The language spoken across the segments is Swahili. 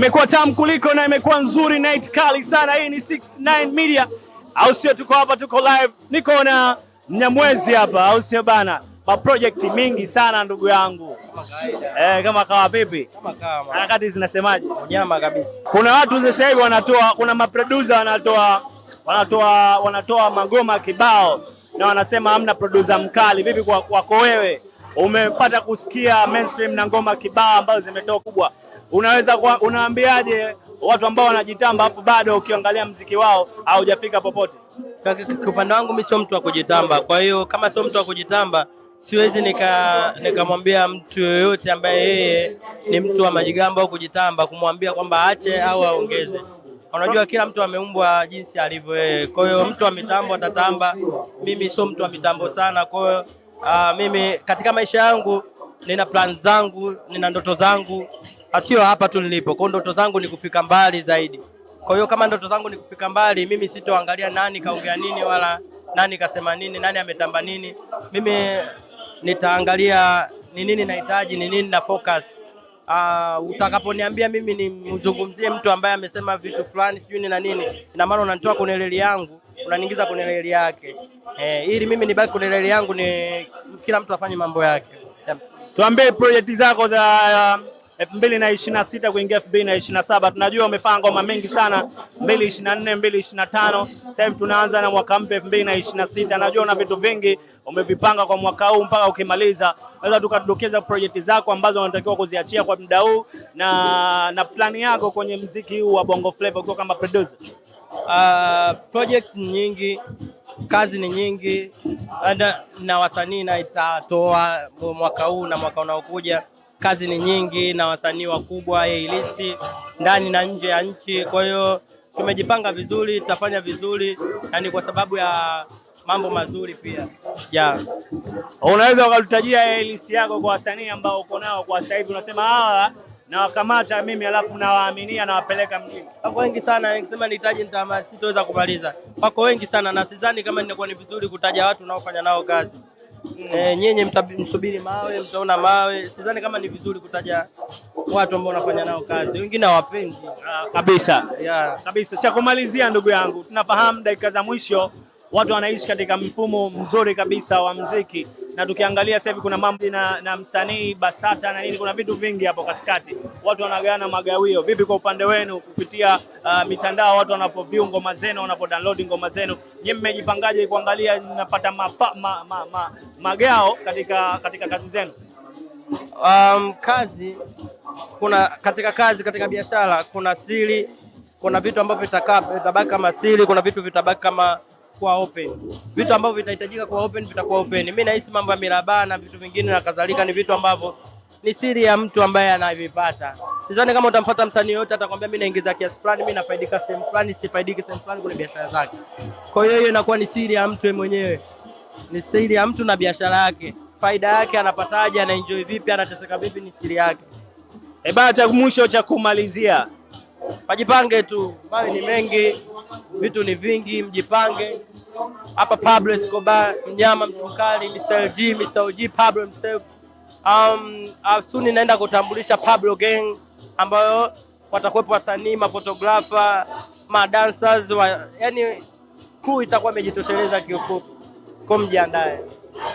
imekuwa tamu kuliko na imekuwa nzuri, night kali sana. Hii ni 69 Media, au sio? Tuko hapa, tuko live, niko na Mnyamwezi hapa, au sio bana? project mingi sana ndugu yangu eh, kama kawa pipi, harakati zinasemaje? Nyama kabisa. Kuna watu sasa hivi wanatoa, kuna producer wanatoa wanatoa wanatoa magoma kibao na wanasema hamna producer mkali. Vipi kwako wewe, umepata kusikia mainstream na ngoma kibao ambazo zimetoa kubwa unaweza kwa, unaambiaje watu ambao wanajitamba hapo bado ukiangalia mziki wao haujafika popote? Kwa upande wangu mimi sio mtu wa kujitamba, kwa hiyo kama sio mtu wa kujitamba siwezi nikamwambia nika mtu yoyote ambaye yeye ni mtu wa majigambo au kujitamba kumwambia kwamba aache au aongeze. Unajua, kila mtu ameumbwa jinsi alivyo yeye. Kwa hiyo mtu wa mitambo atatamba, mimi sio mtu wa mitambo sana. Kwa hiyo ah, mimi katika maisha yangu nina plan zangu, nina ndoto zangu asiyo ah, hapa tu nilipo. Kwa ndoto zangu ni kufika mbali zaidi. Kwa hiyo kama ndoto zangu ni kufika mbali, mimi sitoangalia nani kaongea nini wala nani kasema nini, nani ametamba nini. Mimi nitaangalia ni nini nahitaji, ni nini na focus. Uh, utakaponiambia mimi nimzungumzie mtu ambaye amesema vitu fulani sijui na nini, ina maana unanitoa kwenye leli yangu unaniingiza kwenye leli yake. Eh, ili mimi nibaki kwenye leli yangu, ni kila mtu afanye mambo yake. Tuambie project zako za 2026 na sita kuingia 2027. na saba Tunajua umefanya ngoma mengi sana, 2024, ishirini na tano Sasa hivi tunaanza na mwaka mpya 2026. na sita Najua una vitu vingi umevipanga kwa mwaka huu mpaka ukimaliza. Naweza tukadokeza project zako ambazo unatakiwa kuziachia kwa muda huu na, na plani yako kwenye mziki huu wa Bongo Flava ukiwa kama producer? Uh, projects nyingi, kazi ni nyingi na, na wasanii na itatoa mwaka huu na mwaka unaokuja kazi ni nyingi na wasanii wakubwa A-list ndani na nje ya nchi. Kwa hiyo tumejipanga vizuri, tutafanya vizuri na ni kwa sababu ya mambo mazuri pia yeah. Unaweza ukatutajia A-list yako kwa wasanii ambao uko nao kwa sasa hivi, unasema hawa ah, nawakamata mimi alafu nawaaminia nawapeleka mjini. Wako wengi sana, nikisema nitaje sitaweza kumaliza. Wako wengi sana na sidhani kama ninakuwa ni vizuri kutaja watu unaofanya nao kazi. E, eh, nyenye msubiri mawe, mtaona mawe. Sidhani kama ni vizuri kutaja watu ambao wanafanya nao kazi, wengine hawapendi ah, kabisa. Yeah. Kabisa. Cha kumalizia, ndugu yangu, tunafahamu dakika za mwisho watu wanaishi katika mfumo mzuri kabisa wa mziki, na tukiangalia sasa hivi kuna mambo na, na msanii Basata na nini, kuna vitu vingi hapo katikati watu wanagawana magawio. Vipi kwa upande wenu kupitia uh, mitandao, watu wanapoview ngoma zenu, download ngoma zenu, nyinyi mmejipangaje kuangalia napata mapa, ma, ma, ma, magao katika katika kazi zenu? Um, kazi kuna katika kazi, katika biashara kuna siri, kuna vitu ambavyo vitabaki kama siri, kuna vitu vitabaki kama kuwa open. Vitu ambavyo vitahitajika kwa open vitakuwa open. Mimi nahisi mambo ya miraba na vitu vingine na kadhalika ni vitu ambavyo ni siri ya mtu ambaye anavipata. Sidhani kama utamfuata msanii yote atakwambia mimi naingiza kiasi fulani, mimi nafaidika sehemu fulani, sifaidiki sehemu fulani kwenye biashara zake. Kwa hiyo hiyo inakuwa ni siri ya mtu mwenyewe, ni siri ya mtu na biashara yake, faida yake anapataje, anaenjoy vipi, anateseka vipi, ni siri yake. E bana, cha mwisho cha kumalizia, pajipange tu, mawe ni mengi, vitu ni vingi, mjipange. Hapa Pablo Escobar, mnyama mtu mkali, Mr. G, Mr. G, Pablo himself Um, uh, suni naenda kutambulisha Pablo Gang ambayo watakuwepo wasanii, mafotografa, madancers wa, yani crew itakuwa imejitosheleza kiufupi, kwa mjiandae.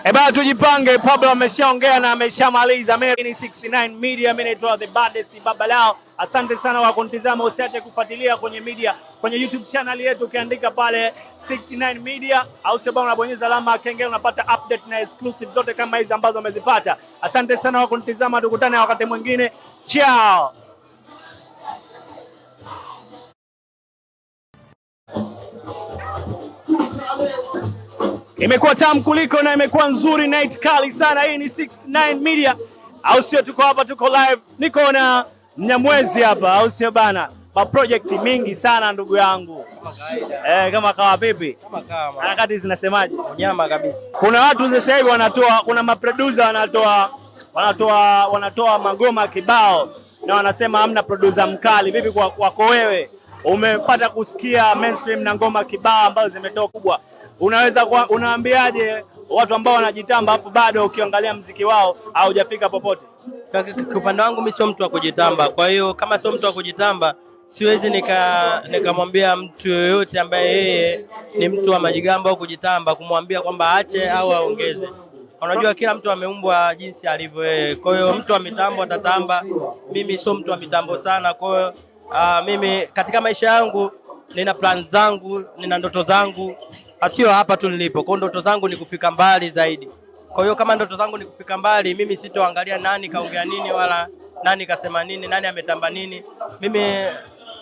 Eh bana, tujipange. Pablo ameshaongea na ameshamaliza. Mimi ni 69 media, mimi naitwa the baddest baba lao. Asante sana kwa kunitazama, usiache kufuatilia kwenye media, kwenye YouTube channel yetu, ukiandika pale 69 media, au sio bana, unabonyeza alama ya kengele, unapata update na exclusive zote kama hizi ambazo amezipata. Asante sana kwa kunitazama, tukutane wakati mwingine, ciao. Imekuwa tamu kuliko na imekuwa nzuri, night kali sana. Hii ni 69 Media, au sio? Tuko hapa, tuko live, niko na Mnyamwezi hapa, au sio bana? Ma project mingi sana ndugu yangu eh, kama kawa vipi, harakati zinasemaje? Unyama kabisa. Kuna watu sasa hivi wanatoa, kuna maproducer wanatoa wanatoa wanatoa magoma kibao na wanasema hamna producer mkali. Vipi kwako wewe, umepata kusikia mainstream na ngoma kibao ambazo zimetoka kubwa unaweza kwa, unaambiaje watu ambao wanajitamba hapo bado ukiangalia mziki wao haujafika popote? Kwa upande wangu mimi sio mtu wa kujitamba, kwa hiyo kama sio mtu wa kujitamba siwezi nikamwambia nika mtu yoyote ambaye yeye ni mtu wa majigambo au kujitamba kumwambia kwamba aache au aongeze. Unajua, kila mtu ameumbwa jinsi alivyo yeye. Kwa hiyo mtu wa mitambo atatamba, mimi sio mtu wa mitambo sana. Kwa hiyo ah, mimi katika maisha yangu nina plan zangu, nina ndoto zangu, Ah, sio hapa tu nilipo. Kwa ndoto zangu ni kufika mbali zaidi. Kwa hiyo kama ndoto zangu ni kufika mbali, mimi sitoangalia nani kaongea nini wala nani kasema nini, nani ametamba nini. Mimi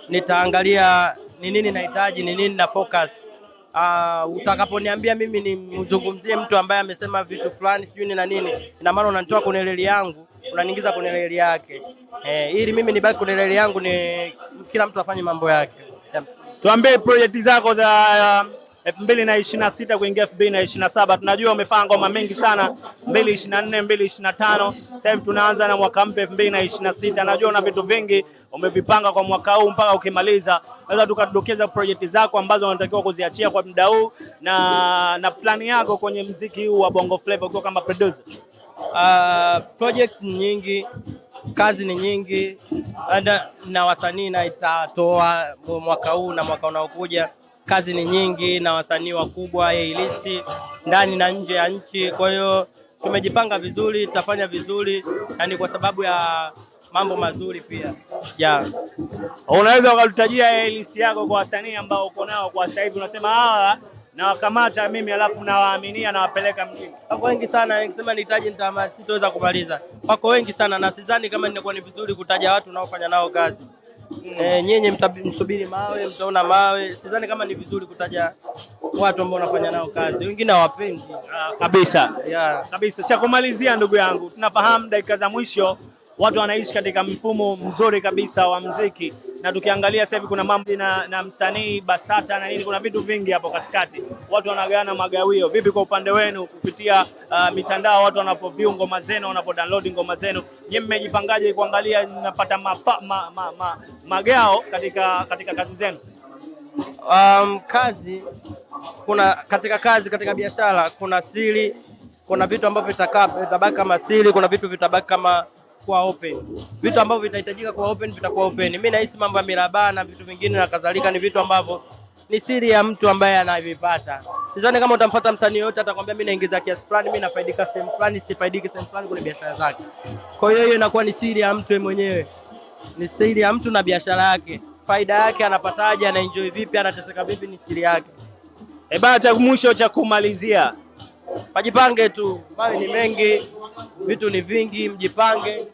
nitaangalia ni nini nahitaji, ni nini na focus. Uh, utakaponiambia mimi nimzungumzie mtu ambaye amesema vitu fulani sijui ni na nini, ina maana unanitoa kwenye leli yangu unaniingiza kwenye leli yake eh, ili mimi nibaki kwenye leli yangu, ni kila mtu afanye mambo yake Tuambie project zako za 2026 kuingia 2027. Tunajua wamepanga ngoma mengi sana 2024, 2025. Sasa hivi tunaanza na mwaka mpya 2026. Najua una vitu vingi umevipanga kwa mwaka huu mpaka ukimaliza. Naweza tukadokeza project zako ambazo unatakiwa kuziachia kwa muda huu na na plani yako kwenye mziki huu wa Bongo Flava ukiwa kama producer. Uh, ah, project nyingi, kazi ni nyingi na, na wasanii na itatoa mwaka huu na mwaka unaokuja kazi ni nyingi na wasanii wakubwa A-list ndani na nje ya nchi. Kwa hiyo tumejipanga vizuri, tutafanya vizuri na ni kwa sababu ya mambo mazuri pia yeah. Unaweza ukatutajia A-list yako kwa wasanii ambao uko nao kwa sasa hivi, unasema hawa ah, nawakamata mimi alafu nawaaminia nawapeleka mjini? Wako wengi sana, nikisema nitaje sitoweza kumaliza. Wako wengi sana na sidhani kama ninakuwa ni vizuri kutaja watu naofanya nao kazi. E, eh, nyenye msubiri mawe, mtaona mawe. Sidhani kama ni vizuri kutaja watu ambao wanafanya nao kazi, wengine hawapendi ah, kabisa. Yeah. Kabisa. Cha kumalizia, ndugu yangu, tunafahamu dakika za mwisho watu wanaishi katika mfumo mzuri kabisa wa mziki na tukiangalia sasa hivi kuna mambo na, na msanii Basata na nini, kuna vitu vingi hapo katikati, watu wanagawana magawio. Vipi kwa upande wenu kupitia uh, mitandao, watu wanapoview ngoma zenu, download ngoma zenu, nyie mmejipangaje kuangalia mapa, ma, ma, ma, magao katika, katika kazi zenu? Um, kazi kuna katika kazi, katika biashara kuna siri, kuna vitu ambavyo vitabaki kama siri, kuna vitu vitabaki kama kuwa open. Vitu ambavyo vitahitajika kuwa open vitakuwa open. Mimi nahisi mambo ya mirabaa na vitu vingine na kadhalika ni vitu ambavyo ni siri ya mtu ambaye anavipata. Sidhani kama utamfuata msanii yoyote atakwambia mimi naingiza kiasi fulani, mimi nafaidika sehemu fulani, sifaidiki sehemu fulani kwenye biashara zake. Kwa hiyo hiyo inakuwa ni siri ya mtu mwenyewe, ni siri ya mtu na biashara yake, faida yake anapataje, anaenjoy vipi, anateseka vipi, ni siri yake. E cha mwisho cha kumalizia Majipange tu, mali ni mengi, vitu ni vingi, mjipange.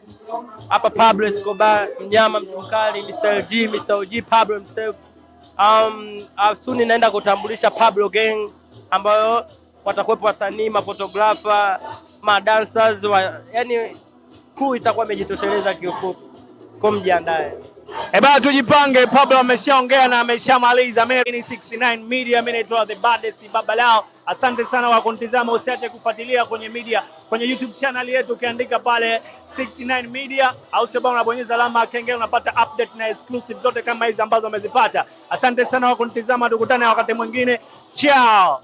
Hapa Pablo Escobar, mnyama mkali, Mr. G, Mr. OG, Pablo himself. Um, uh, soon naenda kutambulisha Pablo Gang ambayo watakuwepo wasanii, mafotografa, madancers wa, yani crew itakuwa imejitosheleza kiufupi, kwa mjiandae. Eh, bana tujipange. Pablo ameshaongea na ameshamaliza. Mimi ni 69 Media, mimi naitwa The Bandit Baba Lao. Asante sana kwa kunitazama, usiache kufuatilia kwenye media, kwenye YouTube channel yetu ukiandika pale 69 Media, au sababu unabonyeza alama kengele, unapata update na exclusive zote kama hizi ambazo umezipata. Asante sana kwa kunitazama, tukutane wakati mwingine. Ciao.